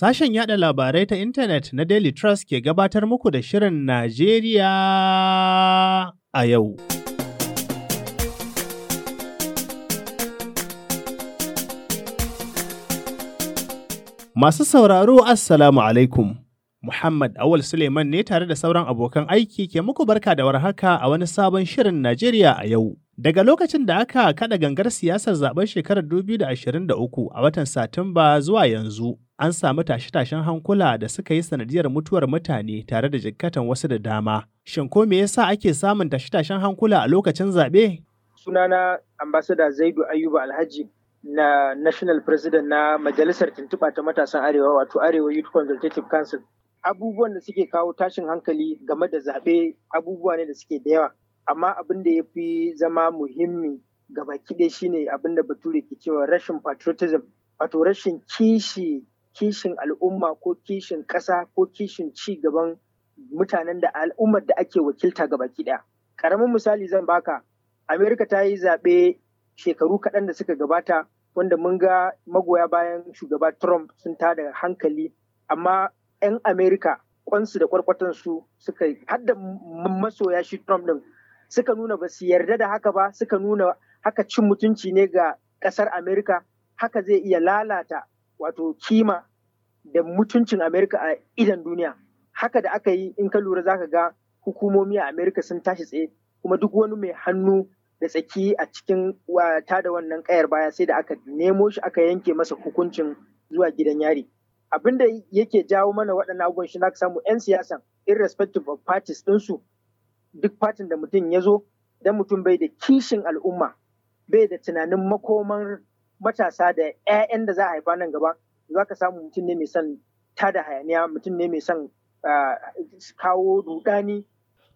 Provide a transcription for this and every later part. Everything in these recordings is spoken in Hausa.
Sashen yada labarai ta intanet na Daily Trust ke gabatar muku da Shirin Najeriya a yau. Masu sauraro Assalamu alaikum. Muhammad Awal Suleiman ne tare da sauran abokan aiki ke muku barka da warhaka a wani sabon Shirin Najeriya a yau. Daga lokacin da aka kada gangar siyasar zaben shekarar 2023 a watan Satumba zuwa yanzu, an samu tashe-tashen hankula da suka yi sanadiyar mutuwar mutane tare da jikkatan wasu da dama. Shin ko me yasa ake samun tashe-tashen hankula a lokacin zaɓe? Sunana ambasada Zaidu Ayuba Alhaji na National President na Majalisar Tuntuɓa ta Matasan Arewa wato Arewa Youth Consultative Council. Abubuwan da suke kawo tashin hankali game da zaɓe abubuwa ne da suke da yawa. Amma abin da ya fi zama muhimmi gaba kiɗe shine abin da Bature ke cewa rashin patriotism wato rashin kishi kishin al'umma ko kishin ƙasa ko kishin ci gaban mutanen da al'ummar da ake wakilta ga baki ɗaya. Ƙaramin misali zan baka, Amerika ta yi zaɓe shekaru kaɗan da suka gabata wanda mun ga magoya bayan shugaba Trump sun tada hankali, amma 'yan Amerika kwansu da kwarkwatansu suka hadda masoya shi Trump ɗin suka nuna ba su yarda da haka ba suka nuna haka cin mutunci ne ga ƙasar Amerika haka zai iya lalata wato kima da mutuncin Amerika a idan duniya. Haka da aka yi in ka lura zaka ga hukumomi a Amerika sun tashi tsaye kuma duk wani mai hannu da tsaki a cikin wata da wannan kayar baya sai da aka nemo shi aka yanke masa hukuncin zuwa gidan yari. Abin da yake jawo mana waɗannan abubuwan shi na samu 'yan siyasan irrespective of parties ɗinsu duk fatin da mutum ya zo dan mutum bai da kishin al'umma bai da tunanin makoman matasa da 'ya'yan da za a haifa nan gaba za ka samu mutum ne mai son tada hayaniya mutum ne mai son ah, kawo rudani.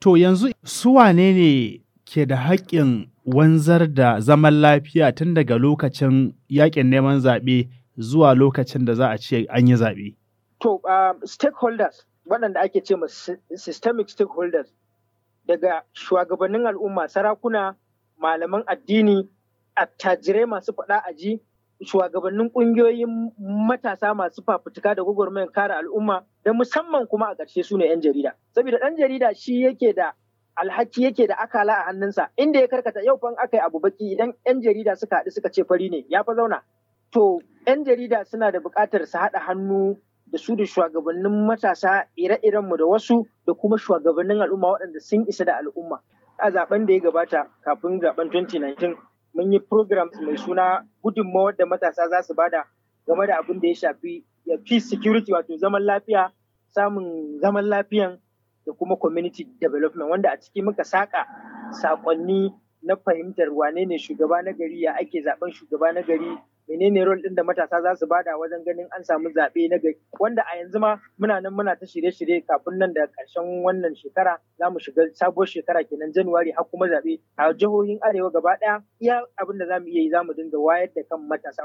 To yanzu su wane ne ke da haƙƙin wanzar da zaman lafiya tun daga lokacin yakin neman zaɓe zuwa lokacin da za a ce an yi zaɓe? To ah, stakeholders waɗanda ake ce ma systemic stakeholders daga shugabannin al'umma sarakuna malaman addini attajirai masu faɗa a ji shugabannin kungiyoyin matasa masu fafutuka da gwagwarmayar kare al'umma da musamman kuma a ƙarshe su ne 'yan jarida saboda ɗan jarida shi yake da alhaki yake da akala a hannunsa inda ya karkata yau fa aka yi abu baki idan 'yan jarida suka haɗu suka ce fari ne ya fa zauna to 'yan jarida suna da buƙatar su haɗa hannu da su da shugabannin matasa ire-irenmu da wasu da kuma shugabannin al'umma waɗanda sun isa da al'umma a zaben da ya gabata kafin zaben 2019 mun yi programs mai suna gudunmawar da matasa za su bada game da abin da ya shafi ya peace security wato zaman lafiya samun zaman lafiyan da kuma community development wanda a ciki muka saka sakonni na fahimtar wane ne shugaba nagari, ya ake zaben shugaba nagari. menene rol din da matasa za su bada wajen ganin an samu zaɓe na gari wanda a yanzu ma muna nan muna ta shirye-shirye kafin nan da ƙarshen wannan shekara za mu shiga sabuwar shekara kenan januwari har kuma zaɓe a jihohin arewa gaba ɗaya iya abin da za mu iya yi za mu dinga wayar da kan matasa.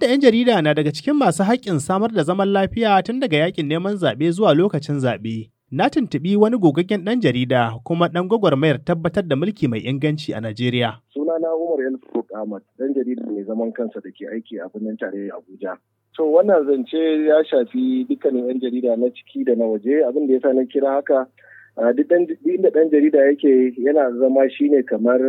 da 'yan jarida na daga cikin masu haƙƙin samar da zaman lafiya tun daga yakin neman zaɓe zuwa lokacin zaɓe. na tuntuɓi wani gogaggen ɗan jarida kuma ɗan gwagwarmayar tabbatar da mulki mai inganci a Najeriya. Sunana Umar Yalfuruk Ahmad, ɗan jarida mai zaman kansa da ke aiki a birnin tarayya Abuja. To wannan zance ya shafi dukkanin 'yan jarida na ciki da na waje abin da ya sa na kira haka duk inda ɗan jarida yake yana zama shine kamar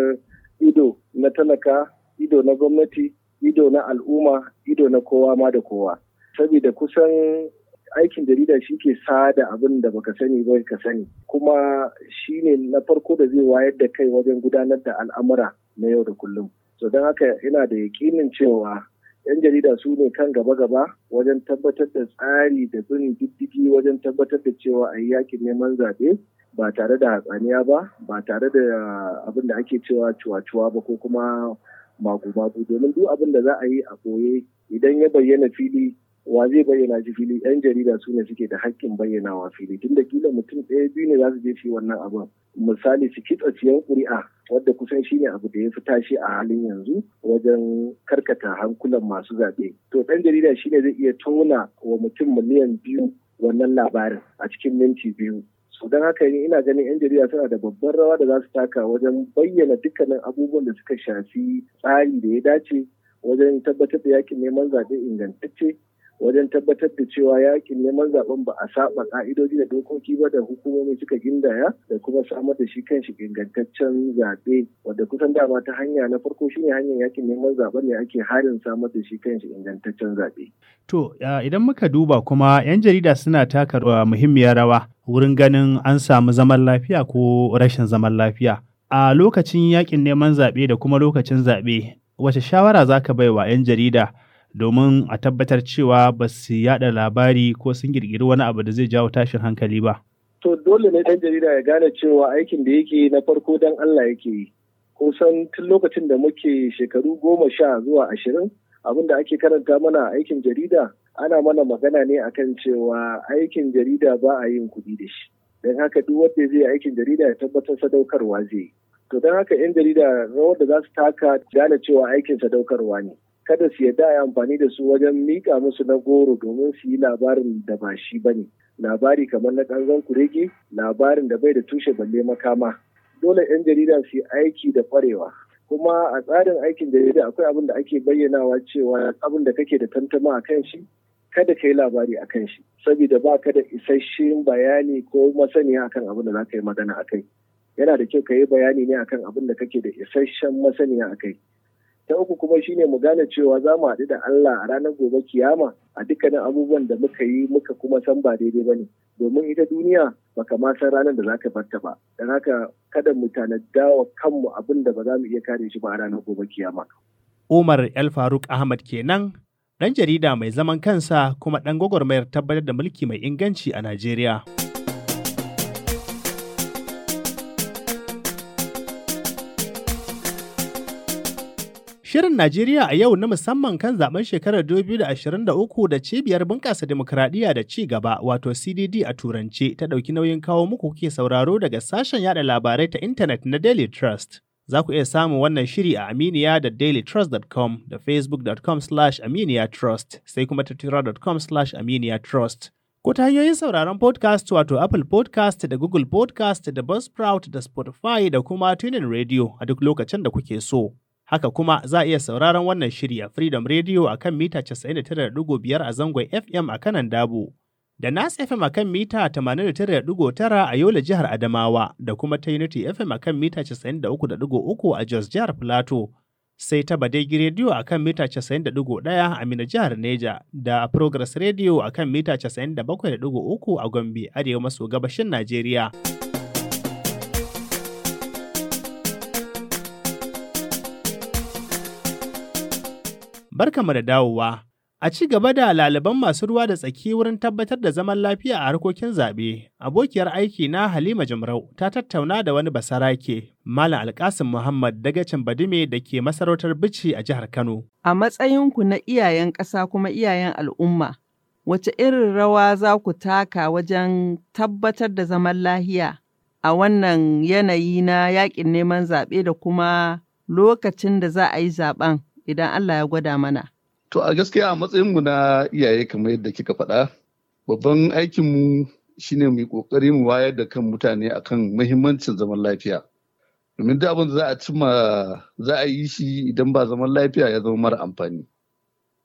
ido na talaka, ido na gwamnati, ido na al'umma, ido na kowa ma da kowa. Sabida kusan aikin jarida shi ke sada abin da baka sani ba ka sani kuma shi ne na farko da zai wayar da kai wajen gudanar da al'amura na yau da kullum so don haka ina da yakinin cewa 'yan jarida su ne kan gaba-gaba wajen tabbatar da tsari da bin diddigi wajen tabbatar da cewa a yakin neman zaɓe ba tare da hatsaniya ba ba tare da abin da ake cewa cuwa-cuwa ba ko kuma magu-magu domin duk abin da za a yi a koye idan ya bayyana fili wa zai bayyana shi fili yan jarida su ne suke da haƙƙin bayyanawa fili tun da kila mutum ɗaya biyu ne za su je shi wannan abin misali su kitsa ciyan ƙuri'a wadda kusan shine abu da ya fi tashi a halin yanzu wajen karkata hankulan masu zaɓe to ɗan jarida shine zai iya tona wa mutum miliyan biyu wannan labarin a cikin minti biyu so don haka ne ina ganin yan jarida suna da babban rawa da za su taka wajen bayyana dukkanin abubuwan da suka shafi tsari da ya dace wajen tabbatar da yakin neman zaɓe ingantacce wajen tabbatar da cewa yakin neman zaben ba a saba ka'idoji da dokoki ba da hukumomi suka gindaya da kuma samar da shi kanshi ingantaccen zaɓe wadda kusan dama ta hanya na farko shine hanyar yakin neman zaben ne ake harin samar da shi kanshi ingantaccen zaɓe. To idan muka duba kuma 'yan jarida suna taka uh, muhimmiyar rawa wurin ganin an samu zaman lafiya ko rashin zaman lafiya. A lokacin yakin neman zaɓe da kuma lokacin zaɓe, wace shawara za ka bai 'yan jarida domin a tabbatar cewa ba su yada labari ko sun girgiri wani abu da zai jawo tashin hankali ba. To dole ne ɗan jarida ya gane cewa aikin da yake na farko dan Allah yake yi. Kusan tun lokacin da muke shekaru goma sha zuwa ashirin abin da ake karanta mana aikin jarida ana mana magana ne akan cewa aikin jarida ba a yin kuɗi da shi. Don haka duk wanda zai aikin jarida ya tabbatar sadaukarwa zai yi. To don haka 'yan jarida rawar da za su taka gane cewa aikin sadaukarwa ne. kada su yadda yi amfani da su wajen mika musu na goro domin su yi labarin da ba shi ba ne labari kamar na ƙanzon kurege labarin da bai da tushe balle makama dole 'yan jarida su yi aiki da ƙwarewa. kuma a tsarin aikin jarida akwai abin da ake bayyanawa cewa abin da kake da tantama a kan shi kada ka yi labari a kan shi saboda ba ka da isasshen bayani ko masaniya akan abin da za ka yi magana a kai yana da kyau ka yi bayani ne akan abin da kake da isasshen masaniya a kai ta uku kuma shine mu gane cewa za mu haɗu da Allah a ranar gobe kiyama a dukkanin abubuwan da muka yi muka kuma san ba daidai ba domin ita duniya baka ma san ranar da zaka barta ba dan haka kada mu tanada wa kanmu abin da ba za mu iya kare shi ba a ranar gobe kiyama Umar El Faruk Ahmad kenan ɗan jarida mai zaman kansa kuma ɗan gwagwarmayar tabbatar da mulki mai inganci a Najeriya. Shirin Najeriya a yau na musamman kan zaben shekarar 2023 da cibiyar bunƙasa Dimokuraɗiyya da ci gaba wato CDD a turance ta ɗauki nauyin kawo muku kuke sauraro daga sashen yada labarai ta intanet na Daily Trust. Za ku iya samun wannan shiri a Aminiya da dailytrust.com da facebook.com slash aminiya trust sai kuma tattura.com slash aminiya trust. Ko ta hanyoyin sauraron podcast wato Apple podcast da Google podcast da Buzzsprout da Spotify da kuma Tunin Radio a duk lokacin da kuke so. Haka kuma za a iya sauraron wannan shirya Freedom Radio a kan mita 99.5 a zangon FM a kanan Dabo, da Nas FM a kan mita 89.9 a Yola jihar Adamawa, da kuma ta Unity FM a kan mita 93.3 a Jos jihar Filato, sai ta Badegi Radio a kan mita 91.1 a Mina jihar Neja, da Progress Radio a kan mita 97.3 a Gombe, arewa maso gabashin Najeriya. mu da dawowa. A ci gaba da laliban masu ruwa da tsaki wurin tabbatar da zaman lafiya a harkokin zaɓe, abokiyar aiki na Halima Jimrau ta tattauna da wani basarake, Malam Alkasim Muhammad daga Badime da ke masarautar Bici a jihar Kano. A matsayinku na iyayen ƙasa kuma iyayen al'umma, wace irin rawa za ku taka wajen tabbatar da zaman lahiya a wannan yanayi na yaƙin neman zaɓe da kuma lokacin da za a yi zaɓen? idan Allah ya gwada mana? To a gaskiya a matsayinmu na iyaye kamar yadda kika faɗa, babban aikinmu shine mu yi ƙoƙari mu wayar da kan mutane akan muhimmancin zaman lafiya. Domin da abin za a cimma za a yi shi idan ba zaman lafiya ya zama mara amfani.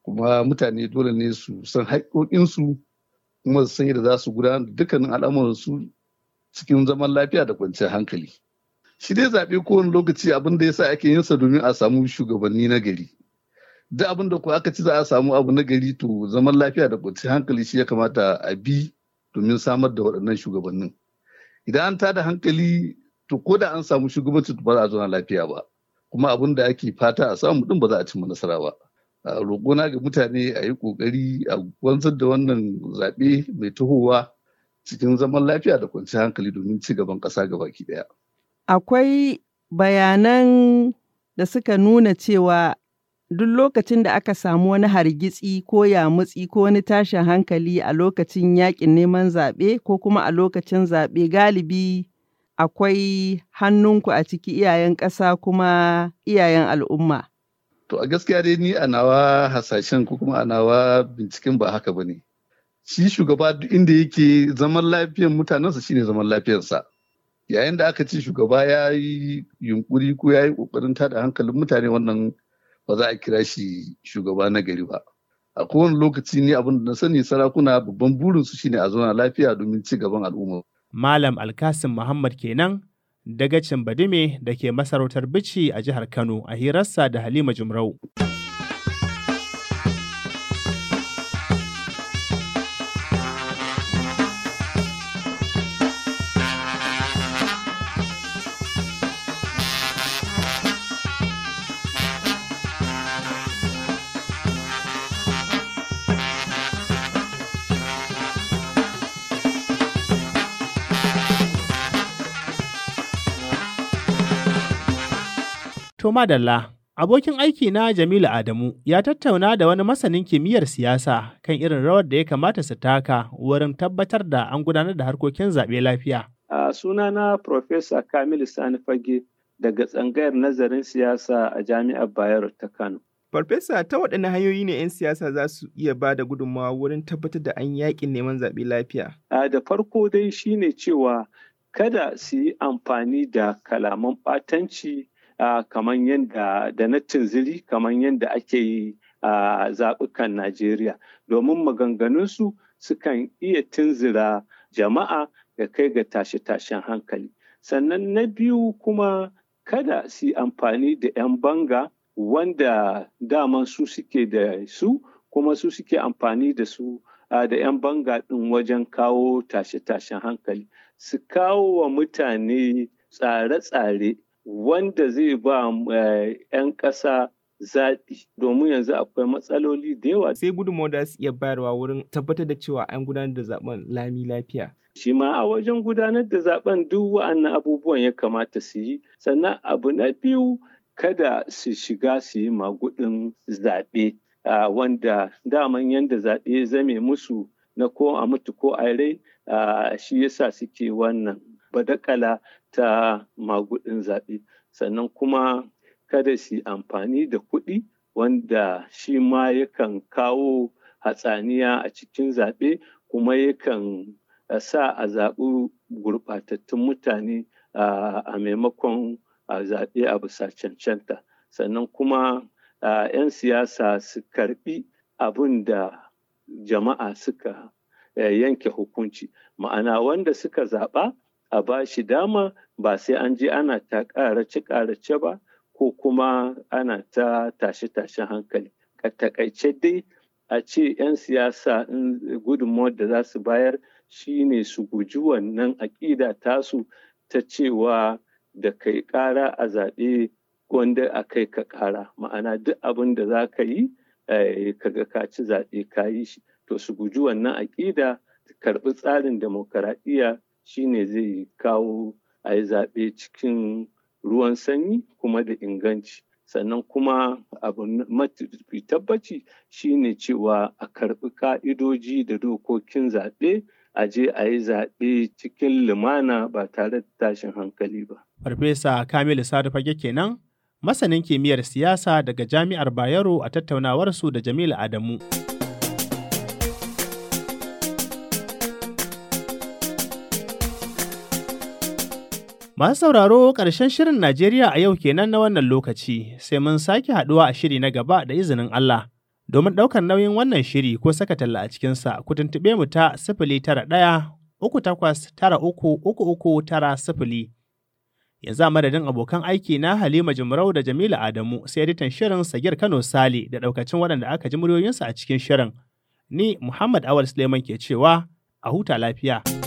Kuma mutane dole ne su san haƙoƙinsu kuma su san yadda za su gudanar da dukkanin al'amuransu cikin zaman lafiya da kwanciyar hankali. shi dai zaɓe kowane lokaci abin da sa ake yinsa domin a samu shugabanni na gari duk abin da aka ci za a samu abu na gari to zaman lafiya da kwanciyar hankali shi ya kamata a bi domin samar da waɗannan shugabannin idan an tada hankali to ko da an samu shugabanci ba za a zo lafiya ba kuma abin da ake fata a samu din ba za a cimma nasara ba roƙona ga mutane a yi ƙoƙari a wanzar da wannan zaɓe mai tahowa cikin zaman lafiya da kwanciyar hankali domin ci gaban ƙasa gabaki ɗaya. akwai bayanan da suka nuna cewa duk lokacin da aka samu wani hargitsi ko yamutsi ko wani tashin hankali a lokacin yaƙin neman zaɓe ko kuma a lokacin zaɓe galibi akwai hannunku a ciki iyayen ƙasa kuma iyayen al'umma. To a gaskiya dai ni a nawa hasashen ko kuma a nawa binciken ba haka ba ne. Shi shugaba duk inda yake zaman lafiyan mutanensa shine zaman lafiyarsa. yayin da aka ce shugaba ya yi yunkuri ko ya yi kokarin tada hankalin mutane wannan ba za a kira shi shugaba na gari ba a kowane lokaci ne abin da na sani sarakuna babban burinsu shine a zauna lafiya domin ci gaban al'umma malam alkasim muhammad kenan dagacin badime da ke masarautar bichi a jihar kano a hirarsa da halima jumrau To madalla, abokin aiki na Jamilu Adamu ya tattauna da wani masanin kimiyyar siyasa kan irin rawar da ya kamata su taka wurin tabbatar da an gudanar da harkokin zaɓe lafiya. A sunana Profesa Kamilu Sani Fage daga tsangayar nazarin siyasa a Jami'ar Bayero ta Kano. Farfesa ta waɗanne hanyoyi ne 'yan siyasa za su iya ba da gudunmawa wurin tabbatar da an yaƙin neman zaɓe lafiya? A da farko dai shine cewa kada su yi amfani da kalaman ɓatanci kamar yadda da na tinziri kamar yadda ake yi a zaɓukan Najeriya domin maganganunsu sukan iya tunzira jama'a da kai ga tashe-tashen hankali. Sannan na biyu kuma kada su amfani da 'yan banga wanda dama su suke da su kuma su suke amfani da su da 'yan banga ɗin wajen kawo tashe-tashen hankali. Su kawo wa mutane tsare-tsare wanda zai ba 'yan eh, ƙasa zaɓi domin yanzu akwai matsaloli da yawa. Sai gudunmawar da su iya bayarwa wurin tabbatar da cewa an gudanar da zaɓen lami lafiya. Shi ma a wajen gudanar da zaɓen duk wa'annan abubuwan ya kamata su yi. Sannan abu na biyu kada su shiga su yi magudin zaɓe wanda daman yadda zaɓe zame musu na ko a mutu ko a rai shi yasa suke wannan badakala ta magudin zaɓe sannan kuma kada shi amfani da kuɗi wanda shi ma yakan kawo hatsaniya a cikin zaɓe kuma yakan sa a zaɓi gurɓatattun mutane a maimakon a zaɓe a bisa cancanta sannan kuma 'yan siyasa su karɓi abin da jama'a suka eh, yanke hukunci ma'ana wanda suka zaɓa a ba shi dama ba sai an je ana ta ƙarace-ƙarace ba ko kuma ana ta tashe-tashen hankali. ka takaice dai a ce 'yan siyasa in gudunmawar da za su bayar shine su guji wannan aƙida tasu ta cewa da kai ƙara a zaɓe wanda a kai ka ƙara ma'ana duk abin da za ka yi eh, ka ga ka ci zaɓe ka yi shi to su guji wannan aƙida karɓi tsarin demokaradiyya shine zai kawo a yi zaɓe cikin ruwan sanyi kuma da inganci sannan kuma abu mafi tabbaci shine cewa a karɓi ka'idoji da dokokin zaɓe a je a yi zaɓe cikin lumana ba tare da tashin hankali ba. Farfesa Kamilu Sadu Fage kenan masanin kimiyyar siyasa daga Jami'ar Bayero a tattaunawarsu da Jamilu Adamu. Masu sauraro ƙarshen shirin Najeriya a yau kenan na wannan lokaci sai mun sake haɗuwa a shiri na gaba da izinin Allah. Domin ɗaukar nauyin wannan shiri ko saka talla a cikinsa ku tuntuɓe mu ta sifili tara ɗaya uku takwas tara uku uku uku tara sifili. Yanzu a madadin abokan aiki na Halima Jumrau da Jamilu Adamu sai editan shirin Sagir Kano Sale da ɗaukacin waɗanda aka ji muryoyinsu a cikin shirin. Ni Muhammad Awal Suleiman ke cewa a huta lafiya.